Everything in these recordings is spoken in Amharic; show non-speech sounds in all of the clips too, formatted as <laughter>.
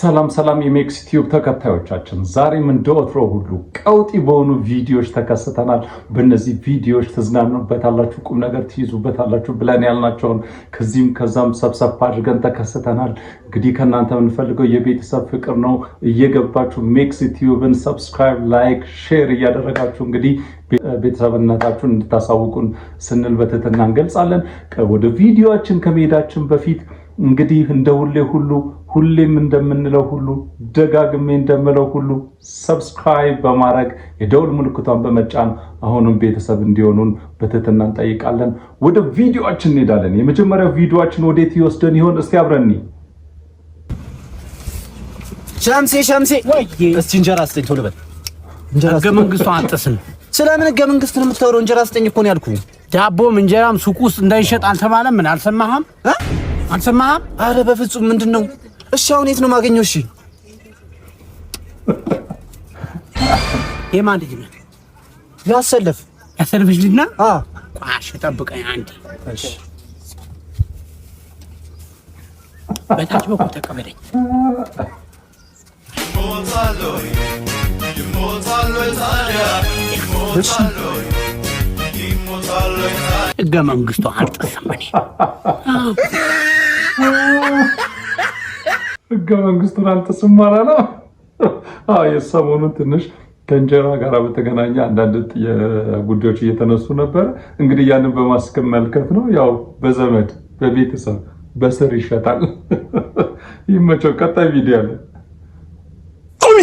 ሰላም ሰላም የሜክስ ቲዩብ ተከታዮቻችን፣ ዛሬም እንደወትሮ ሁሉ ቀውጢ በሆኑ ቪዲዮዎች ተከስተናል። በእነዚህ ቪዲዮዎች ትዝናኑበታላችሁ፣ ቁም ነገር ትይዙበታላችሁ ብለን ያልናቸውን ከዚህም ከዛም ሰብሰብ አድርገን ተከስተናል። እንግዲህ ከእናንተ የምንፈልገው የቤተሰብ ፍቅር ነው። እየገባችሁ ሜክስ ቲዩብን ሰብስክራይብ፣ ላይክ፣ ሼር እያደረጋችሁ እንግዲህ ቤተሰብነታችሁን እንድታሳውቁን ስንል በትህትና እንገልጻለን። ወደ ቪዲዮችን ከመሄዳችን በፊት እንግዲህ እንደ ሁሌ ሁሉ ሁሌም እንደምንለው ሁሉ ደጋግሜ እንደምለው ሁሉ ሰብስክራይብ በማድረግ የደውል ምልክቷን በመጫን አሁንም ቤተሰብ እንዲሆኑን በትህትና እንጠይቃለን። ወደ ቪዲዮችን እንሄዳለን። የመጀመሪያው ቪዲዮችን ወዴት ይወስደን ይሆን? እስቲ አብረኒ ሸምሴ ሸምሴ፣ እስቲ እንጀራ ስጠኝ ቶሎ በል። ህገ መንግስቱ አጥስን። ስለምን ህገ መንግስት ነው የምታወራው? እንጀራ ስጠኝ እኮ ነው ያልኩኝ። ዳቦም እንጀራም ሱቅ ውስጥ እንዳይሸጥ አልተባለም። ምን አልሰማህም? አልሰማህም? አረ በፍጹም ምንድን ነው እሺ፣ አሁን የት ነው የማገኘው? እሺ፣ የማን ልጅ ነው? ያሰለፍ ያሰለፍሽ ልጅ ና። ቋሽ ጠብቀኝ አንዴ። እሺ፣ በታች በኩል ተቀበለኝ። ህገ መንግስቱ አልጠሰመኔ ህገ መንግስቱን አልተሰማራ ነው። ነው። የሰሞኑን ትንሽ ከእንጀራ ጋር በተገናኘ አንዳንድ ጉዳዮች እየተነሱ ነበረ። እንግዲህ ያንን በማስመልከት ነው። ያው በዘመድ በቤተሰብ በስር ይሸጣል። ይመቸው። ቀጣይ ቪዲዮ አለ። ቁሚ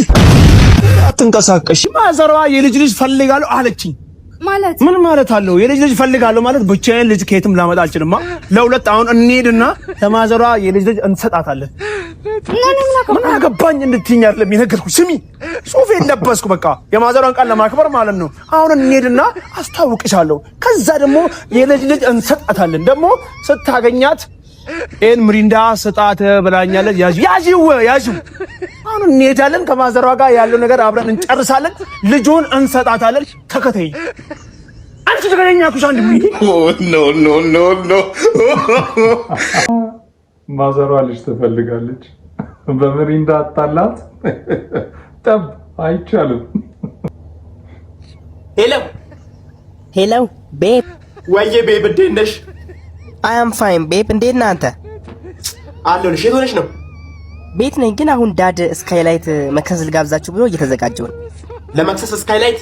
አትንቀሳቀሽ። ማዘሯ የልጅ ልጅ ፈልጋለሁ አለችኝ። ምን ማለት አለው? የልጅ ልጅ ፈልጋለሁ ማለት ብቻዬን ልጅ ከየትም ላመጣ አልችልማ። ለሁለት አሁን እንሄድና ለማዘሯ የልጅ ልጅ እንሰጣታለን። ምን አገባኝ እንድትይኝ አይደለም የነገርኩሽ። ስሚ ሱፌ የለበስኩ በቃ የማዘሯን ቃል ለማክበር ማለት ነው። አሁን እንሄድና አስታውቅሻለሁ። ከዛ ደግሞ የልጅ ልጅ እንሰጣታለን። ደግሞ ስታገኛት ይህን ምሪንዳ ስጣት ብላኛለች። ያዥው ያዥው። አሁን እንሄዳለን ከማዘሯ ጋር ያለው ነገር አብረን እንጨርሳለን። ልጁን እንሰጣታለን። ተከተይ አንቺ ተገደኛ ኩሽ አንድ ማዘሯ ልጅ ትፈልጋለች። በምሪንዳ አታላት። ጠብ አይቻልም። ሄሎ ሄሎ ቤብ፣ ወይ ቤብ እንዴት ነሽ? አያም ፋይን ቤብ፣ እንዴት ናንተ? አንተ? አለሁልሽ። የት ሆነሽ ነው? ቤት ነኝ፣ ግን አሁን ዳድ ስካይላይት መክሰስ ልጋብዛችሁ ብሎ እየተዘጋጀው ነው። ለመክሰስ ስካይላይት?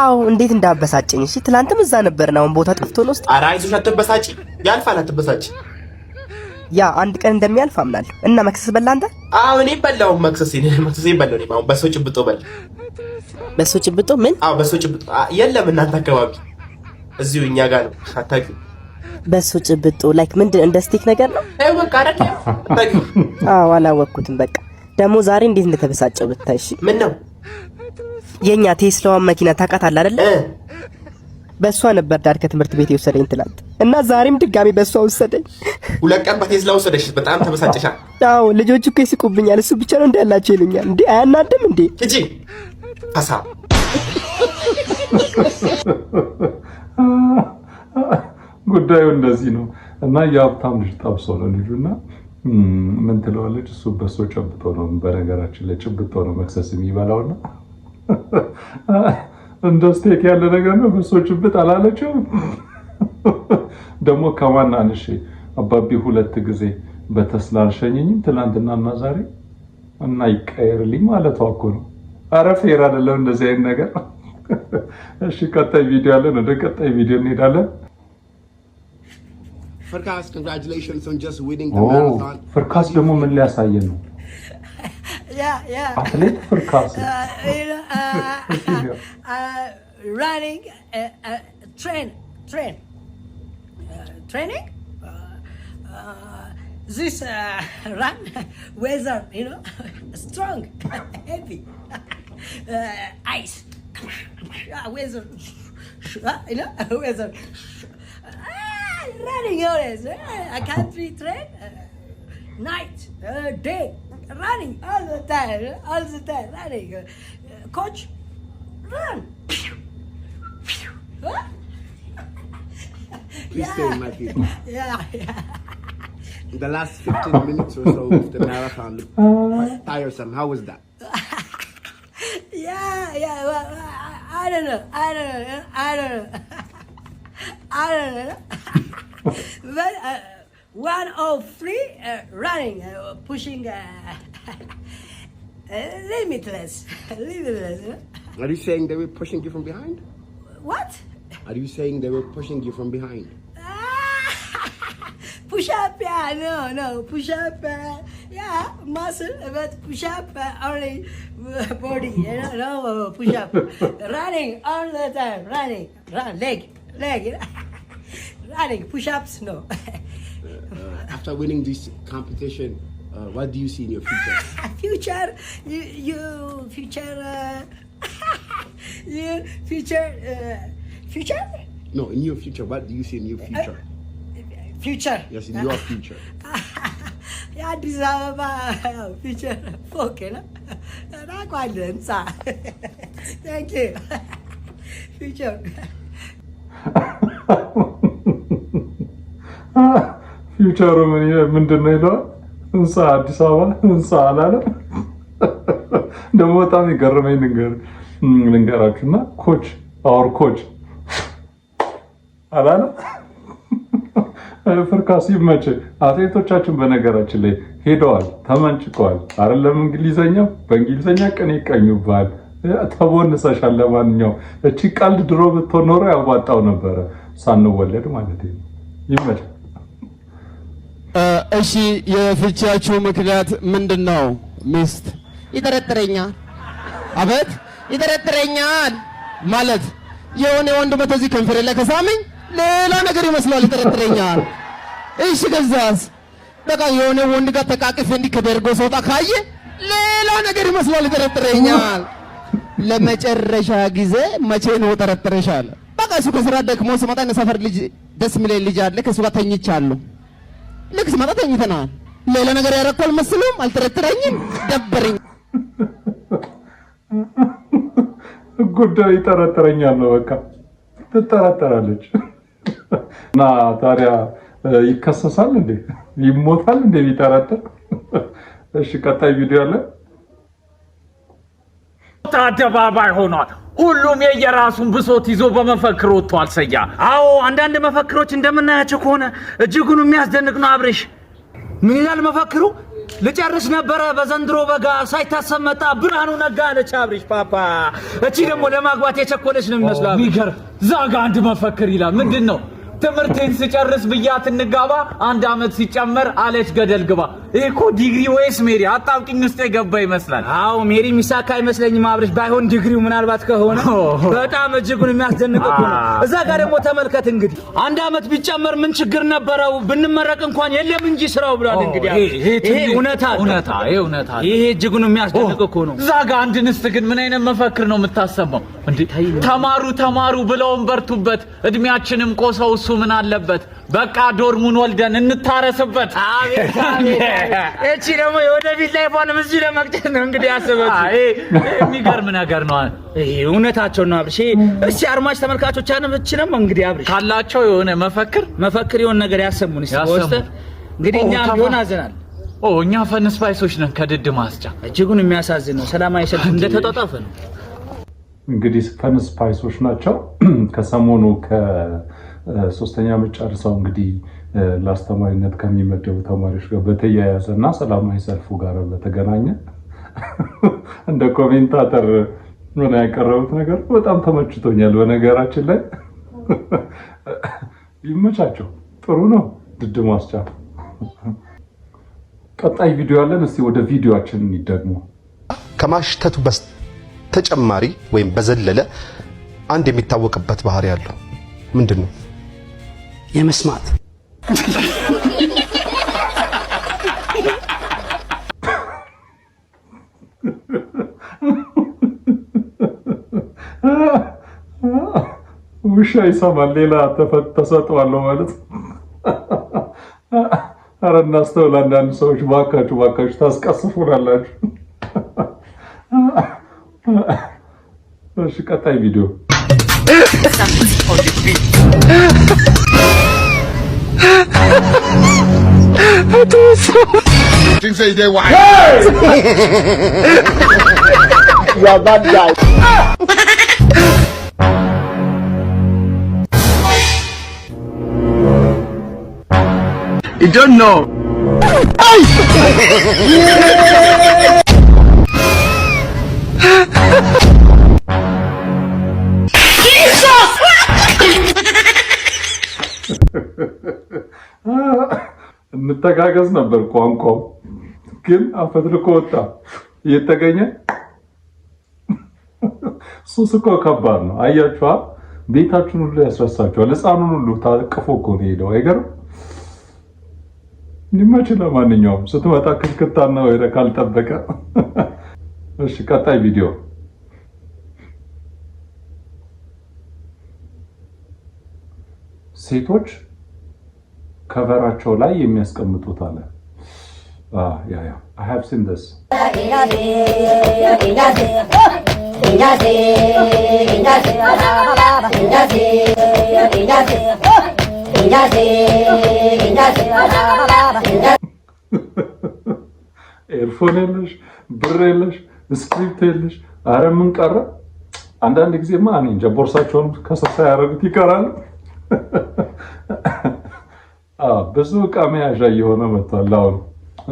አዎ። እንዴት እንዳበሳጨኝ! እሺ፣ ትላንትም እዛ ነበርን፣ አሁን ቦታ ጠፍቶ ነው። ውስጥ ኧረ አይዞሽ፣ አትበሳጭ፣ ያልፋል። አትበሳጭ። ያ አንድ ቀን እንደሚያልፍ አምናለሁ። እና መክሰስ በላ አንተ? አዎ፣ እኔ በላው መክሰስ ይሄ መክሰስ ይበላው ነው። በሶ ጭብጦ በል። በሶ ጭብጦ ምን? አዎ፣ በሶ ጭብጦ የለም እናንተ አካባቢ፣ እዚሁ እኛ ጋር ነው። አታውቂው በሱ ጭብጦ ላይክ ምንድን እንደ ስቲክ ነገር ነው። አዎ አላወቅኩትም። በቃ ደግሞ ዛሬ እንዴት እንደተበሳጨው ብታይ። እሺ ምን ነው የኛ ቴስላዋን መኪና ታውቃታለህ አይደለ? በእሷ ነበር ዳድ ከትምህርት ቤት የወሰደኝ ትናንት እና ዛሬም ድጋሚ በእሷ ወሰደኝ። ሁለት ቀን በቴስላ ወሰደሽ። በጣም ተበሳጨሻ? አዎ ልጆቹ እኮ ይስቁብኛል። እሱ ብቻ ነው እንዳላቸው ይሉኛል። እንዴ አያናድም እንዴ? ሂጂ ሀሳብ <laughs> ጉዳዩ እንደዚህ ነው እና የሀብታም ልጅ ጠብሶ ነው ልጁ እና ምን ትለዋለች እሱ በሶ ጨብጦ ነው በነገራችን ላይ ጭብጦ ነው መክሰስ የሚበላውና እንደ ስቴክ ያለ ነገር ነው በሶ ጭብጥ አላለችው ደግሞ ከማን አንሺ አባቢ ሁለት ጊዜ በተስላ አልሸኘኝም ትናንትናና ዛሬ እና ይቀየርልኝ ማለቷ እኮ ነው ኧረ ፌር አይደለም እንደዚህ አይነት ነገር እሺ ቀጣይ ቪዲዮ አለን ወደ ቀጣይ ቪዲዮ እንሄዳለን Farkas, congratulations on just winning the oh, marathon. Farkas, the moment last I Yeah, yeah. Athlete Farkas. Uh, you know, uh, <laughs> uh, uh running, uh, train, train. training? this <laughs> run, <laughs> weather, you know, strong, heavy. Uh, ice. weather. you know, weather running always. Eh? I country train, <laughs> trained. Uh, night, uh, day, running all the time, eh? all the time, running. Eh? Uh, coach, run. Please stay stay, my people. <laughs> Yeah, yeah. The last 15 minutes or so of the marathon looked quite tiresome. How was that? <laughs> yeah, yeah. Well, I, I don't know. I don't know. I don't know. I don't know well, uh, one of three uh, running, uh, pushing uh, <laughs> uh, limitless, <laughs> limitless. Huh? Are you saying they were pushing you from behind? What? Are you saying they were pushing you from behind? Ah, <laughs> push up, yeah, no, no, push up, uh, yeah, muscle, but push up uh, only uh, body, you know, no, push up, running all the time, running, run, leg, leg think push-ups, no. <laughs> Uh, after winning this competition, uh, what do you see in your future? <laughs> future, you, you future, uh, <laughs> you future, future. No, in your future, what do you see in your future? future. Yes, in your future. I deserve future. Okay, na. Na kwa lensa. Thank you. future. ፊውቸሩ ምንድን ነው ይለዋል። ህንፃ አዲስ አበባ ህንፃ አላለም። ደግሞ በጣም የገረመኝ ልንገራችሁ እና ኮች አወር ኮች አላለም። ፍርካስ ይመች። አትሌቶቻችን በነገራችን ላይ ሄደዋል፣ ተመንጭቀዋል። አይደለም እንግሊዘኛው በእንግሊዘኛ ቀን ይቀኙባል። ተቦንሰሻል። ለማንኛውም እቺ ቀልድ ድሮ ብትሆን ኖሮ ያዋጣው ነበረ፣ ሳንወለድ ማለት ይመች። እሺ፣ የፍቻችሁ ምክንያት ምንድን ነው? ሚስት ይጠረጥረኛል። አቤት ይጠረጥረኛል ማለት የሆነ ወንድ መቶ እዚህ ከንፈሬ ላይ ከሳመኝ ሌላ ነገር ይመስላል፣ ይጠረጥረኛል። እሺ፣ ከዛስ በቃ የሆነ ወንድ ጋር ተቃቅፌ እንዲህ ከደርጎ ሰውጣ ካየ ሌላ ነገር ይመስላል፣ ይጠረጥረኛል። ለመጨረሻ ጊዜ መቼ ነው ጠረጥረሻል? በቃ እሱ ከስራ ደክሞ ስመጣ ሰፈር ልጅ ደስ የሚለኝ ልጅ አለ፣ ከእሱ ጋር ተኝቻለሁ ልክ ስመጣ ተኝተናል። ሌላ ነገር ያደረኩ አልመስሉም። አልተረተረኝም። ደበረኝ። ጉዳዩ ይጠረጠረኛል ነው በቃ ትጠረጠራለች እና ታዲያ ይከሰሳል እንዴ? ይሞታል እንዴ ቢጠረጠር? እሺ ቀጣይ ቪዲዮ አለ። አደባባይ ሆኗል። ሁሉም የየራሱን ብሶት ይዞ በመፈክር ወጥቷል። ሰያ አዎ፣ አንዳንድ መፈክሮች እንደምናያቸው ከሆነ እጅጉን የሚያስደንቅ ነው። አብሬሽ ምን ይላል መፈክሩ? ልጨርስ ነበረ በዘንድሮ በጋ ሳይታሰብ መጣ ብርሃኑ ነጋ አለች አብሬሽ ፓፓ። እቺ ደግሞ ለማግባት የቸኮለች ነው የሚመስለው። ዛጋ አንድ መፈክር ይላል ምንድን ነው ትምህርቴን ስጨርስ ብያት እንጋባ አንድ አመት ሲጨመር አለች ገደል ግባ። ይህ እኮ ዲግሪ ወይስ ሜሪ አጣብቂኝ ውስጥ የገባ ይመስላል። አዎ ሜሪ የሚሳካ አይመስለኝም አብርሽ። ባይሆን ዲግሪው ምናልባት ከሆነ በጣም እጅጉን የሚያስደንቅ ነው። እዛ ጋር ደግሞ ተመልከት እንግዲህ አንድ አመት ቢጨመር ምን ችግር ነበረው? ብንመረቅ እንኳን የለም እንጂ ስራው ብሏል። እንግዲህ ይሄ እውነታ እውነታ ይሄ እውነታ ይሄ እጅጉን የሚያስደንቅ እኮ ነው። እዛ ጋር አንድ ንስት ግን ምን አይነት መፈክር ነው የምታሰማው ተማሩ ተማሩ ብለውን በርቱበት እድሜያችንም ቆሰው እሱ ምን አለበት? በቃ ዶርሙን ወልደን እንታረስበት። እቺ ደግሞ የወደፊት ላይ ሆንም እዚሁ ለመቅጨት ነው እንግዲህ ያስበት። የሚገርም ነገር ነው። እውነታቸው ነው አብርሽ። እስቲ አድማጭ ተመልካቾቻንም እችንም እንግዲህ አብርሽ ካላቸው የሆነ መፈክር መፈክር የሆነ ነገር ያሰሙን ስወስተ እንግዲህ እኛም ቢሆን አዘናል። እኛ ፈንስ ባይሶች ነን ከድድ ማስጫ። እጅጉን የሚያሳዝን ነው። ሰላማዊ ሰልፍ እንደተጧጧፈ ነው። እንግዲህ ፈንስ ባይሶች ናቸው <clears throat> ከሰሞኑ ሶስተኛ የምጨርሰው እንግዲህ ለአስተማሪነት ከሚመደቡ ተማሪዎች ጋር በተያያዘ እና ሰላማዊ ሰልፉ ጋር በተገናኘ <laughs> እንደ ኮሜንታተር ምን ያቀረቡት ነገር በጣም ተመችቶኛል። በነገራችን ላይ <laughs> ይመቻቸው፣ ጥሩ ነው። ድድ ማስቻ ቀጣይ ቪዲዮ አለን። እስቲ ወደ ቪዲዮችን ደግሞ ከማሽተቱ በተጨማሪ ወይም በዘለለ አንድ የሚታወቅበት ባህሪ ያለው ምንድን ነው? የመስማት ውሻ ይሰማል። ሌላ ተሰጠዋለሁ ማለት አረ እናስተውል። አንዳንድ ሰዎች ባካችሁ፣ ባካችሁ ታስቀስፉናላችሁ። እሺ ቀጣይ ቪዲዮ Things say they You're guy. You don't know. <laughs> እንተጋገዝ ነበር ቋንቋው ግን አፈትልኮ ወጣ እየተገኘ <laughs> ሱስ እኮ ከባድ ነው። አያችኋ፣ ቤታችሁን ሁሉ ያስረሳችኋል። ህፃኑን ሁሉ ታቅፎ እኮ ነው የሄደው። አይገርም? ለማንኛውም ስትመጣ ክልክታና ወይረ ካልጠበቀ <laughs> እሺ። ቀጣይ ቪዲዮ ሴቶች ከቨራቸው ላይ የሚያስቀምጡት አለ። ኤርፎን የለሽ፣ ብር የለሽ፣ ስክሪፕት የለሽ። አረ ምን ቀረ? አንዳንድ ጊዜማ እኔ እንጃ ቦርሳቸውን ከስር ሳያደርጉት ይቀራሉ። ብዙ እቃ መያዣ እየሆነ መጥቷል አሁን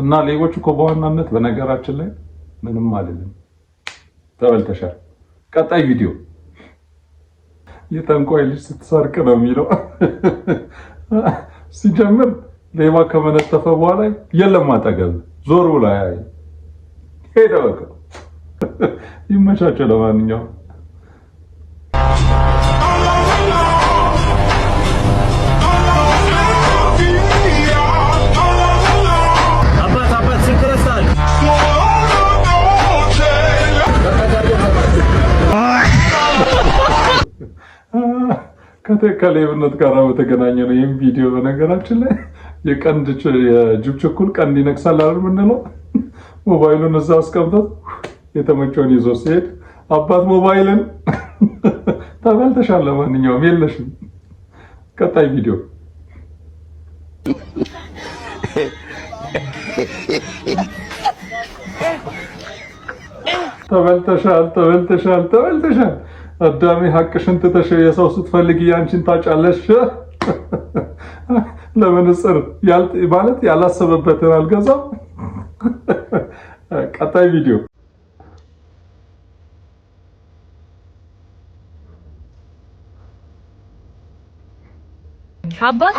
እና ሌቦች እኮ በዋናነት በነገራችን ላይ ምንም አይደለም። ተበልተሻል። ቀጣይ ቪዲዮ የተንኳይ ልጅ ስትሰርቅ ነው የሚለው <laughs> ሲጀምር ሌባ ከመነተፈ በኋላ የለም አጠገብ ዞር ብላ ሄደ። በቃ <laughs> ይመቻቸው። ለማንኛውም ከሌብነት ጋር በተገናኘ ነው። ይህም ቪዲዮ በነገራችን ላይ የቀንድ የጅብ ችኩል ቀንድ ይነክሳል አይደል የምንለው። ሞባይሉን እዛ አስቀምጦት የተመቸውን ይዞ ሲሄድ አባት ሞባይልን ተበልተሻል፣ <laughs> ለማንኛውም የለሽም። ቀጣይ ቪዲዮ ተበልተሻል፣ ተበልተሻል፣ ተበልተሻል አዳሜ ሀቅሽን ትተሽ የሰው ስትፈልግ ያንቺን ታጫለሽ። <laughs> ለመንጽር ማለት ያላሰበበትን አልገዛም። <laughs> ቀጣይ ቪዲዮ አባት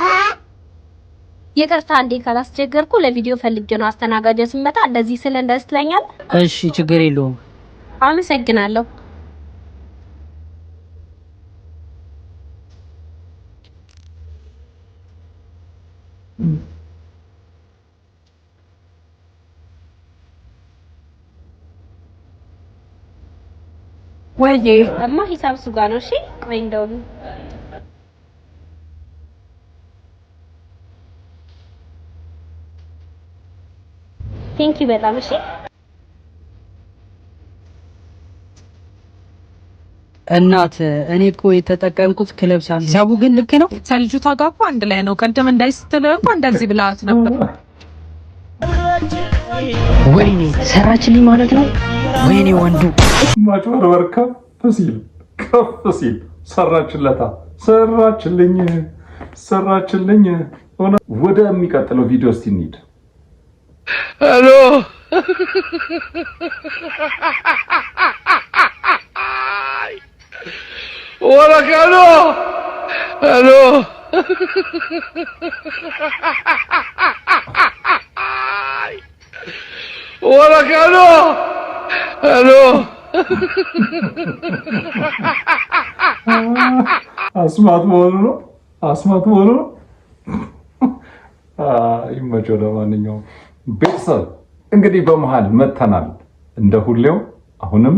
ይቅርታ እንዴ ካላስቸገርኩ፣ ለቪዲዮ ፈልጌ ነው። አስተናጋጀ ስመጣ እንደዚህ ስለ እንደስ እሺ ችግር የለውም። አመሰግናለሁ። ወይ እማ ሂሳብ እሱ ጋር ነው። እሺ ቆይ እንደው ቴንኪ በጣም እሺ። እናት እኔ እኮ የተጠቀምኩት ክለብ ሳይሆን ሂሳቡ ግን ልክ ነው። ከልጁ ታጋባ አንድ ላይ ነው። ቀደም እንዳይስትለው እኮ እንደዚህ ብላት ነበር። ወይኔ ሰራችልኝ ማለት ነው። ወይኔ ወንዱ ማጭበርበር ከፍ ሲል ከፍ ሲል ሰራችለታ፣ ሰራችልኝ፣ ሰራችልኝ። ወደሚቀጥለው ቪዲዮ እስቲ እንሂድ። ሄሎ ወረቀሎ ሄሎ ولك الو الو አስማት መሆኑ ነው። አስማት መሆኑ ለማንኛውም ቤተሰብ እንግዲህ በመሀል መተናል። እንደ ሁሌው አሁንም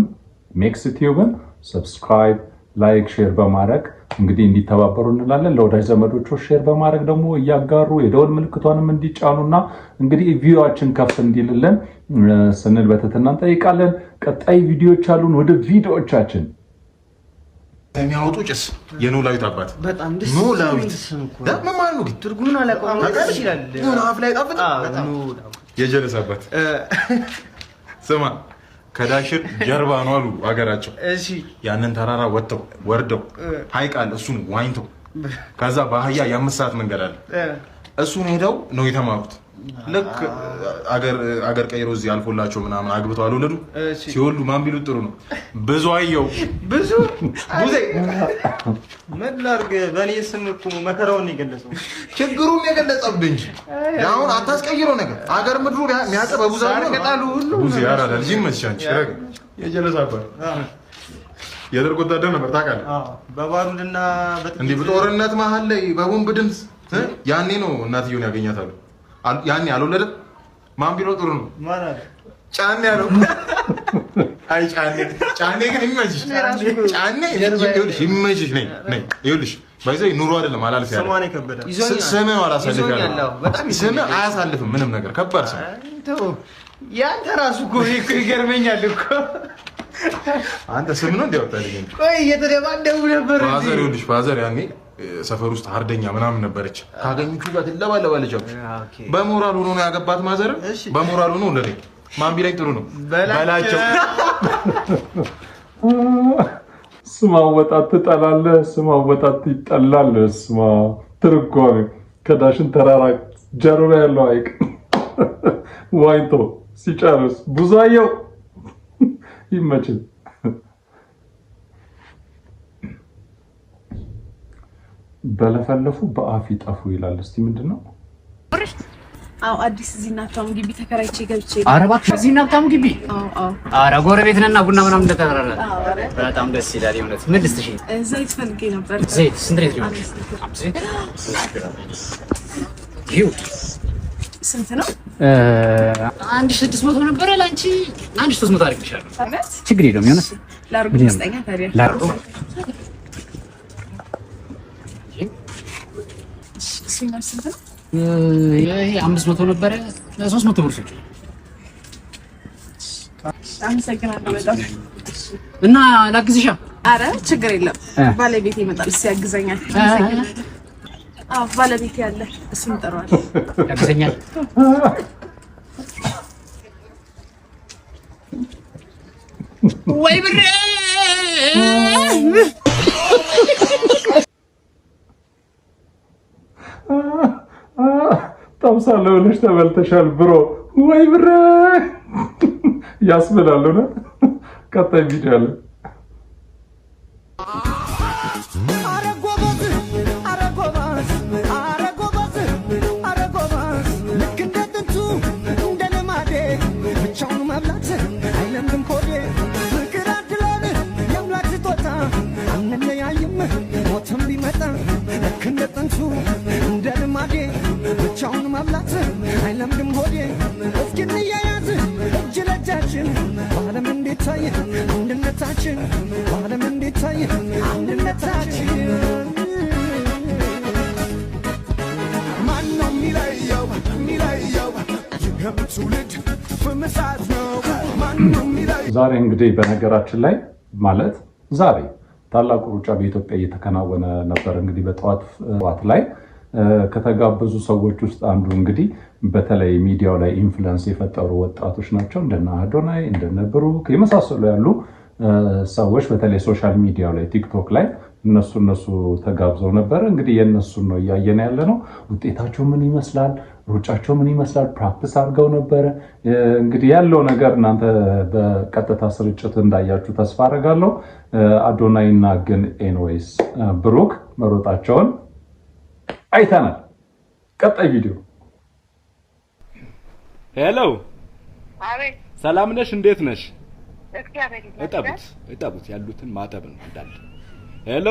ሜክስ ቲዩብን ሰብስክራይብ፣ ላይክ፣ ሼር በማድረግ እንግዲህ እንዲተባበሩ እንላለን። ለወዳጅ ዘመዶቹ ሼር በማድረግ ደግሞ እያጋሩ የደወል ምልክቷንም እንዲጫኑና እንግዲህ ቪዮችን ከፍ እንዲልልን ስንል በትህትና እንጠይቃለን። ቀጣይ ቪዲዮዎች አሉን። ወደ ቪዲዮዎቻችን የሚያወጡ ጭስ የኖላዊት አባት ኖላዊት መማር የጀለስ አባት ስማ ከዳሽር ጀርባ ነው አሉ ሀገራቸው። ያንን ተራራ ወጥተው ወርደው ሀይቅ አለ፣ እሱን ዋኝተው ከዛ በአህያ የአምስት ሰዓት መንገድ አለ፣ እሱን ሄደው ነው የተማሩት። ልክ አገር ቀይሮ እዚህ አልፎላቸው ምናምን አግብተው አልወለዱ ሲወሉ ማን ቢሉት ጥሩ ነው። ብዙ አየው ብዙ ምን ላድርግ፣ በእኔ ስም እኮ መከራውን የገለጸው ችግሩም የገለጸብህ እንጂ አሁን አታስቀይረው ነገር አገር ምድሩ የሚያውቅ በቡዛ ጣሉ ሁሉ የጀለሳ የደርግ ወታደር ነበር ታውቃለህ። በባሩድና በጦርነት መሀል ላይ በቦምብ ድምፅ ያኔ ነው እናትየውን ያገኛታሉ። ያኔ አልወለደም። ማን ቢሮ ጥሩ ነው ጫኔ ያለው <laughs> አይ ጫኔ ጫኔ ግን ይመችሽ፣ ጫኔ ይኸውልሽ ይመችሽ። ነይ ነይ ይኸውልሽ ባይዘይ ኑሮ አይደለም አላልፍ ያለው ስም ነው አላሳልፍ ያለው ስም አያሳልፍም ምንም ነገር ከባድ ሰው ያንተ ራሱ እኮ ይገርመኛል እኮ አንተ ስም ነው እንዲያወጣልኝ ቆይ እየተደባደቡ ነበር ባዘር ይኸውልሽ ፋዘር ያኔ ሰፈር ውስጥ አርደኛ ምናምን ነበረች። ካገኙቹ ጋር ትለባለባለች። በሞራል ሆኖ ነው ያገባት ማዘር። በሞራል ሆኖ ወለደ። ማን ቢለኝ ጥሩ ነው በላቸው። <laughs> ስማ ወጣት ትጠላለህ፣ ስማ ወጣት ይጠላል። ስማ ትርጓሜ ከዳሽን ተራራ ጀርባ ያለው ሐይቅ <laughs> ዋኝቶ ሲጨርስ ብዙአየው <laughs> ይመችል በለፈለፉ በአፍ ይጠፉ ይላል። እስቲ ምንድን ነው? አዎ አዲስ እዚህ እና ግቢ ተከራይቼ ገብቼ ኧረ እባክሽ እዚህ ግቢ። ሀብታሙ ግቢ አረ ጎረቤት ነን ቡና ምናምን እንደተራራ በጣም ደስ ይላል። የእውነት ምን ልስጥሽ? ዘይት ፈልጌ ነበር። ዘይት ስንት ነው? ስንት ነው? አንድ ስድስት መቶ ነበረ። ለአንቺ አንድ ሺህ መቶ አድርግልሻለሁ። ችግር የለውም። የሆነ ላድርጉ ታዲያ ላርጉ ይመስለኛል። ስንት ነው ይሄ? አምስት መቶ ነበረ። ሶስት መቶ ብር ሰጪው። አመሰግናለሁ በጣም እና ላግዝሻ። አረ ችግር የለም ባለቤቴ ይመጣል ያግዘኛል። አዎ ባለቤቴ ያለ እሱን እንጠራዋለን፣ ያግዘኛል። ወይ ብር ጠብሳለሁ ብለሽ ተበልተሻል ብሮ ወይ ብረ ያስብላሉ ቀጣይ ቪዲዮ አለ። እንዲታይ አንድነታችን በዓለም እንዲታይ አንድነታችን ይህም ትውልድ ፍምሳት ነው። ዛሬ እንግዲህ በነገራችን ላይ ማለት ዛሬ ታላቁ ሩጫ በኢትዮጵያ እየተከናወነ ነበር። እንግዲህ በጠዋት ላይ ከተጋበዙ ሰዎች ውስጥ አንዱ እንግዲህ በተለይ ሚዲያው ላይ ኢንፍሉንስ የፈጠሩ ወጣቶች ናቸው። እንደነ አዶናይ እንደነ ብሩክ የመሳሰሉ ያሉ ሰዎች በተለይ ሶሻል ሚዲያው ላይ ቲክቶክ ላይ እነሱ እነሱ ተጋብዘው ነበረ። እንግዲህ የእነሱን ነው እያየን ያለ ነው። ውጤታቸው ምን ይመስላል? ሩጫቸው ምን ይመስላል? ፕራክቲስ አድርገው ነበረ። እንግዲህ ያለው ነገር እናንተ በቀጥታ ስርጭት እንዳያችሁ ተስፋ አደርጋለሁ። አዶናይና ግን ኤንዌይስ ብሩክ መሮጣቸውን አይተናል። ቀጣይ ቪዲዮ። ሄሎ፣ ሰላም ነሽ? እንዴት ነሽ? እጠቡት እጠቡት፣ ያሉትን ማጠብ ነው እንዳለ። ሄሎ፣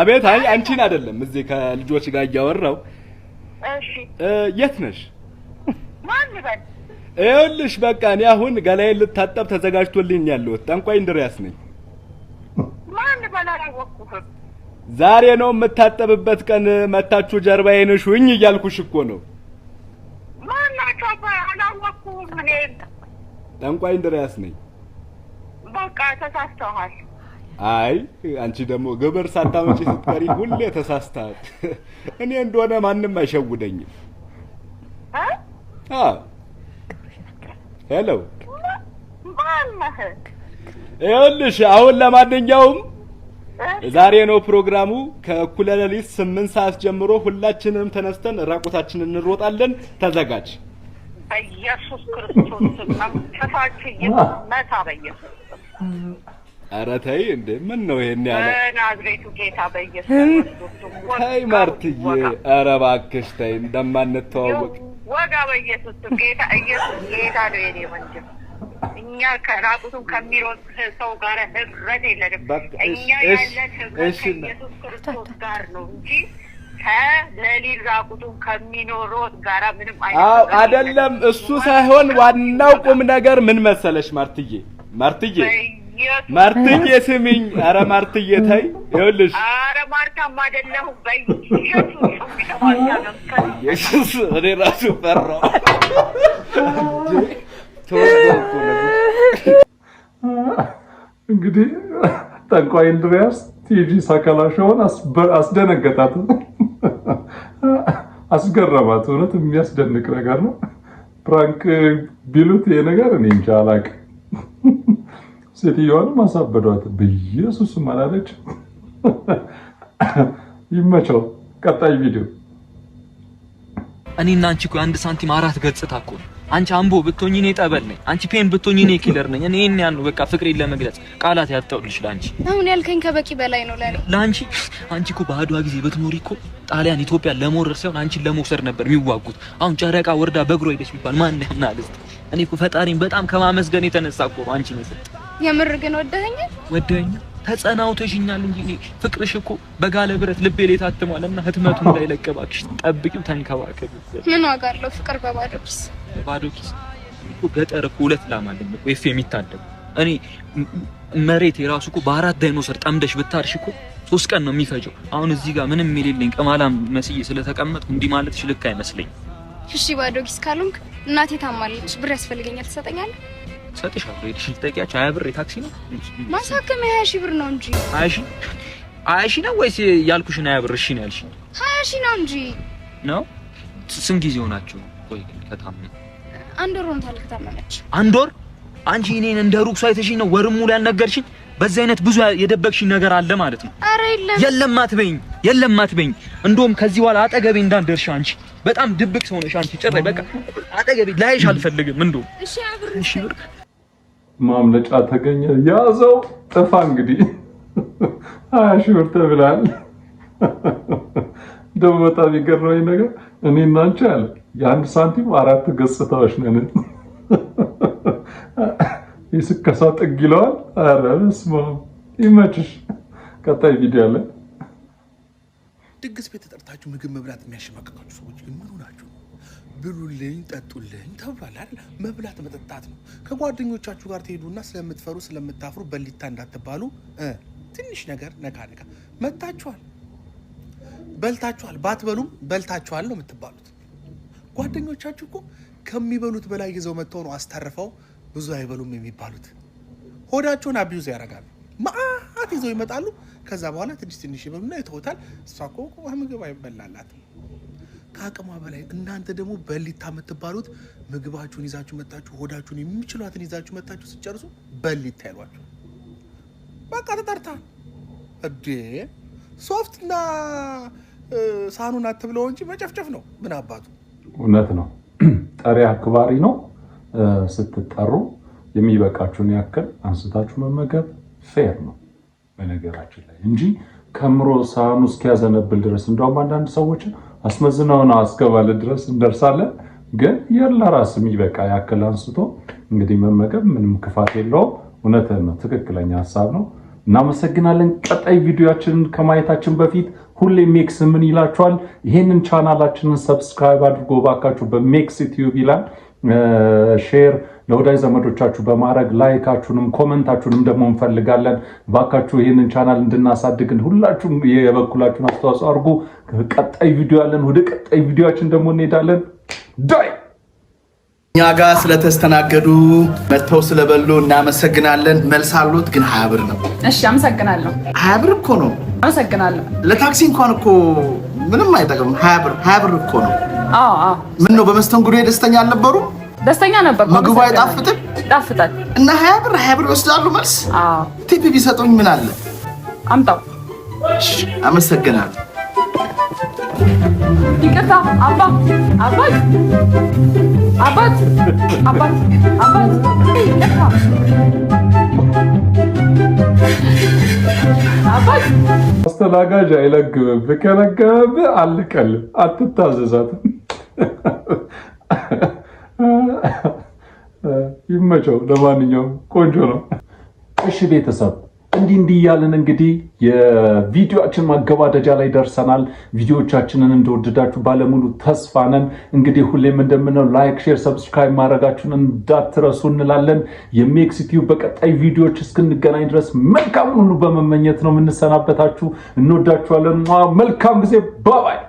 አቤት። አይ አንቺን አይደለም፣ እዚህ ከልጆች ጋር እያወራው። እሺ፣ የት ነሽ? ማን ልበል? ይኸውልሽ በቃ እኔ አሁን ገላዬን ልታጠብ ተዘጋጅቶልኝ ያለሁት ጠንቋይ እንድሪያስ ነኝ። ማን ልበል? አላወቅሁህም ዛሬ ነው የምታጠብበት ቀን። መታችሁ ጀርባዬን ሹኝ እያልኩሽ እኮ ነው። ጠንቋይ እንድርያስ ነኝ። በቃ ተሳስተሃል። አይ አንቺ ደግሞ ግብር ሳታመጪ ስትቀሪ ሁሌ ተሳስተሃል። እኔ እንደሆነ ማንም አይሸውደኝም። ሄሎ ይኸውልሽ አሁን ለማንኛውም ዛሬ ነው ፕሮግራሙ። ከእኩለ ሌሊት ስምንት ሰዓት ጀምሮ ሁላችንም ተነስተን ራቆታችንን እንሮጣለን። ተዘጋጅ። ኢየሱስ ክርስቶስ ተፋችኝ መታ በኢየሱስ ኧረ ተይ እንዴ! ምን ነው ይሄን ያለ ናዝሬቱ ጌታ በኢየሱስ ተይ ማርትዬ፣ ኧረ እባክሽ ተይ፣ እንደማንተዋወቅ ወጋ በኢየሱስ ጌታ ኢየሱስ ጌታ ነው የኔ ወንድም እኛ ከራቁቱ ከሚሮጥ ሰው ጋር ህብረት የለንም። እኛ ያለን ህብረት ከኢየሱስ ክርስቶስ ጋር ነው እንጂ ከሌሊት ራቁቱን ከሚኖሮት ምንም አይደለም። እሱ ሳይሆን ዋናው ቁም ነገር ምን መሰለሽ ማርትዬ፣ ማርትዬ ማርትዬ ስሚኝ። አረ ማርትዬ ተይ፣ ይኸውልሽ አረ ማርታም አይደለሁም በኢየሱስ እኔ ራሱ ፈራሁ። እንግዲህ ጠንቋይ እንድሪያስ ቲጂ ሳካላሸውን አስደነገጣት፣ አስገረማት። እውነት የሚያስደንቅ ነገር ነው። ፕራንክ ቢሉት ይሄ ነገር እኔ እንጃ አላቅም። ሴትዮዋንም አሳበዷት። በኢየሱስ ማላለች። ይመቸው። ቀጣይ ቪዲዮ እኔ እና አንቺ እኮ የአንድ ሳንቲም አራት ገጽታ እኮ ነው። አንቺ አምቦ ብትሆኚ እኔ ጠበል ነኝ። አንቺ ፔን ብትሆኚ እኔ ኪለር ነኝ። እኔ እኔ ያን በቃ ፍቅሬን ለመግለጽ ቃላት ያጣሁልሽ ላንቺ። አሁን ያልከኝ ከበቂ በላይ ነው ለኔ ላንቺ። አንቺ እኮ በአድዋ ጊዜ ብትኖሪ እኮ ጣሊያን ኢትዮጵያ ለመውረር ሳይሆን አንቺን ለመውሰድ ነበር የሚዋጉት። አሁን ጨረቃ ወርዳ በእግሯ ሄደች ቢባል ማን ያምናል? እስኪ እኔ እኮ ፈጣሪን በጣም ከማመስገን የተነሳ እኮ አንቺ ነው የምር ግን ወደኸኝ ወደኸኝ ተጸናውተሽኛል እንጂ ፍቅርሽ እኮ በጋለ ብረት ልቤ ላይ ታትሟል። እና ህትመቱ ላይ ለቀባክሽ ጠብቂው፣ ተንከባከቢው። ምን ዋጋ አለው ፍቅር በባዶ ኪስ? ባዶ ኪስ እኮ ገጠር እኮ ሁለት ላም አለ እኮ ኤፍ የሚታደም እኔ መሬት የራሱ እኮ በአራት ዳይኖሰር ጠምደሽ ብታርሽ እኮ ሶስት ቀን ነው የሚፈጀው። አሁን እዚህ ጋር ምንም የሌለኝ ቅማላም መስዬ ስለተቀመጥኩ እንዲህ ማለትሽ ልክ አይመስለኝም። እሺ ባዶ ኪስ ካልሆንክ እናቴ ታማለች፣ ብር ያስፈልገኛል፣ ትሰጠኛለህ? ሰጥሻለሁ። ሄድሽ ልትጠይቂያቸው። ሀያ ብር የታክሲ ነው ማሳከም ሀያ ሺህ ብር ነው እንጂ ሀያ ሺህ ሀያ ሺህ ነው ወይስ ያልኩሽን ሀያ ብር? እሺ ነው ያልሽኝ ሀያ ሺህ ነው እንጂ ነው። ስንት ጊዜ ሆናችሁ? ቆይ ከታመ አንድ ወር ሆኖታል። ከታመመች አንድ ወር። አንቺ እኔን እንደ ሩቅ ሰው አይተሽኝ ነው ወርም ሙሉ ያልነገርሽኝ። በዚህ አይነት ብዙ የደበቅሽኝ ነገር አለ ማለት ነው። አረ የለም የለም፣ አትበይኝ፣ የለም አትበይኝ። እንደውም ከዚህ በኋላ አጠገቤ እንዳንደርሽ አንቺ በጣም ድብቅ ሰው ነሽ አንቺ። ጭራሽ በቃ አጠገቤ ላይሽ አልፈልግም። እንደውም እሺ፣ አብር እሺ፣ ብር ማምለጫ ተገኘ። ያዘው ጥፋ እንግዲህ ሀያ <laughs> ሺህ ብር ተብላል። <laughs> ደግሞ በጣም የገረመኝ ነገር እኔ እናንቺ አለ የአንድ ሳንቲም አራት ገጽታዎች ነን። <laughs> የስከሳ ጥግ ይለዋል። ኧረ በስመ አብ ይመችሽ። ቀጣይ ቪዲዮ አለ። ድግስ ቤት ተጠርታችሁ ምግብ መብላት የሚያሸማቀቃችሁ ሰዎች ግን ምኑ ናችሁ? ብሉልኝ ጠጡልኝ ተብሏል አይደል? መብላት መጠጣት ነው። ከጓደኞቻችሁ ጋር ትሄዱና ስለምትፈሩ ስለምታፍሩ በሊታ እንዳትባሉ ትንሽ ነገር ነካ ነካ መታችኋል፣ በልታችኋል። ባትበሉም በልታችኋል ነው የምትባሉት። ጓደኞቻችሁ እኮ ከሚበሉት በላይ ይዘው መጥተው ነው አስተርፈው ብዙ አይበሉም የሚባሉት። ሆዳቸውን አቢዩዝ ያደርጋሉ። መአት ይዘው ይመጣሉ። ከዛ በኋላ ትንሽ ትንሽ ይበሉና ይተውታል። እሷ እኮ ምግብ አይበላላትም ከአቅሟ በላይ እናንተ ደግሞ በሊታ የምትባሉት ምግባችሁን ይዛችሁ መጣችሁ ሆዳችሁን የሚችሏትን ይዛችሁ መጣችሁ ስጨርሱ በሊታ ይሏችሁ። በቃ ተጠርታ እዴ ሶፍትና ሳኑን አትብለው እንጂ መጨፍጨፍ ነው። ምን አባቱ እውነት ነው። <clears throat> ጠሪ አክባሪ ነው። ስትጠሩ የሚበቃችሁን ያክል አንስታችሁ መመገብ ፌር ነው በነገራችን ላይ እንጂ ከምሮ ሳኑ እስኪያዘነብል ድረስ እንደውም አንዳንድ ሰዎችን አስመዝናውን አስከባለ ድረስ እንደርሳለን። ግን የላ ራስ የሚበቃ ያክል አንስቶ እንግዲህ መመገብ ምንም ክፋት የለውም። እውነት ነው፣ ትክክለኛ ሀሳብ ነው። እናመሰግናለን። ቀጣይ ቪዲዮችን ከማየታችን በፊት ሁሌ ሜክስ ምን ይላችኋል? ይህንን ቻናላችንን ሰብስክራይብ አድርጎ ባካችሁ በሜክስ ቲዩብ ይላል ሼር ለወዳጅ ዘመዶቻችሁ በማድረግ ላይካችሁንም ኮመንታችሁንም ደግሞ እንፈልጋለን። ባካችሁ ይህንን ቻናል እንድናሳድግን ሁላችሁም የበኩላችሁን አስተዋጽኦ አድርጉ። ቀጣይ ቪዲዮ ያለን ወደ ቀጣይ ቪዲዮችን ደግሞ እንሄዳለን። ዳይ እኛ ጋር ስለተስተናገዱ መጥተው ስለበሉ እናመሰግናለን። መልስ አሉት ግን ሀያ ብር ነው። እሺ አመሰግናለሁ። ሀያ ብር እኮ ነው። አመሰግናለሁ። ለታክሲ እንኳን እኮ ምንም አይጠቅምም። ሀያ ብር ሀያ ብር እኮ ነው። ምን ነው በመስተንግዶ ደስተኛ አልነበሩም? ደስተኛ ነበር። ምግቡ አይጣፍጥም? ጣፍጣል። እና ሀያ ብር ሀያ ብር ይወስዳሉ መልስ። አዎ ቲፒ ቢሰጡኝ ምን አለ? አምጣው። አመሰግናለሁ። ይቅርታ አባ አባት አባት አባት አባት ይቅርታ አስተናጋጅ አይለግብም። ከለገበብህ አልቀልም። አትታዘዛትም <laughs> ይመቸው። ለማንኛውም ቆንጆ ነው። እሺ ቤተሰብ እንዲህ እንዲህ እያልን እንግዲህ የቪዲዮችን ማገባደጃ ላይ ደርሰናል። ቪዲዮዎቻችንን እንደወደዳችሁ ባለሙሉ ተስፋ ነን። እንግዲህ ሁሌም እንደምንለው ላይክ፣ ሼር፣ ሰብስክራይብ ማድረጋችሁን እንዳትረሱ እንላለን። የሜክሲቲዩ በቀጣይ ቪዲዮዎች እስክንገናኝ ድረስ መልካም ሁሉ በመመኘት ነው የምንሰናበታችሁ። እንወዳችኋለን። መልካም ጊዜ። ባባይ